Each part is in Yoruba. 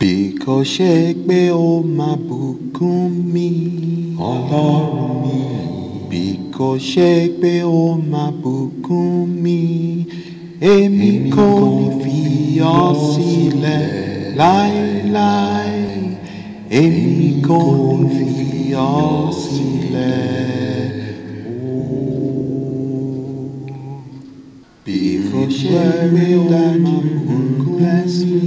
bí kò ṣe pé ó máa bùkún mi ọlọ́run mi bí ó mi èmi kò ní fi ọ́ sílẹ̀ láéláé èmi kò ní fi ọ́ sílẹ̀. Before she will that you bless me,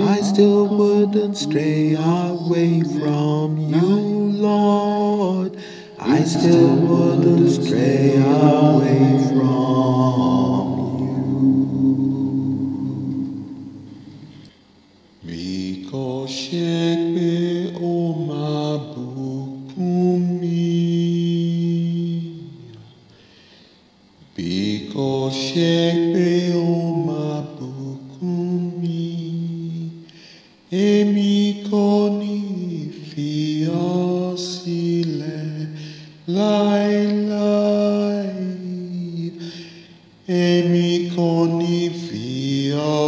I still wouldn't stray away from you, Lord. I still wouldn't stray away from you. Miko shekbe omabukumi. Biko shekbe omabukumi. Emi koni fiasile, lai lai. Emi koni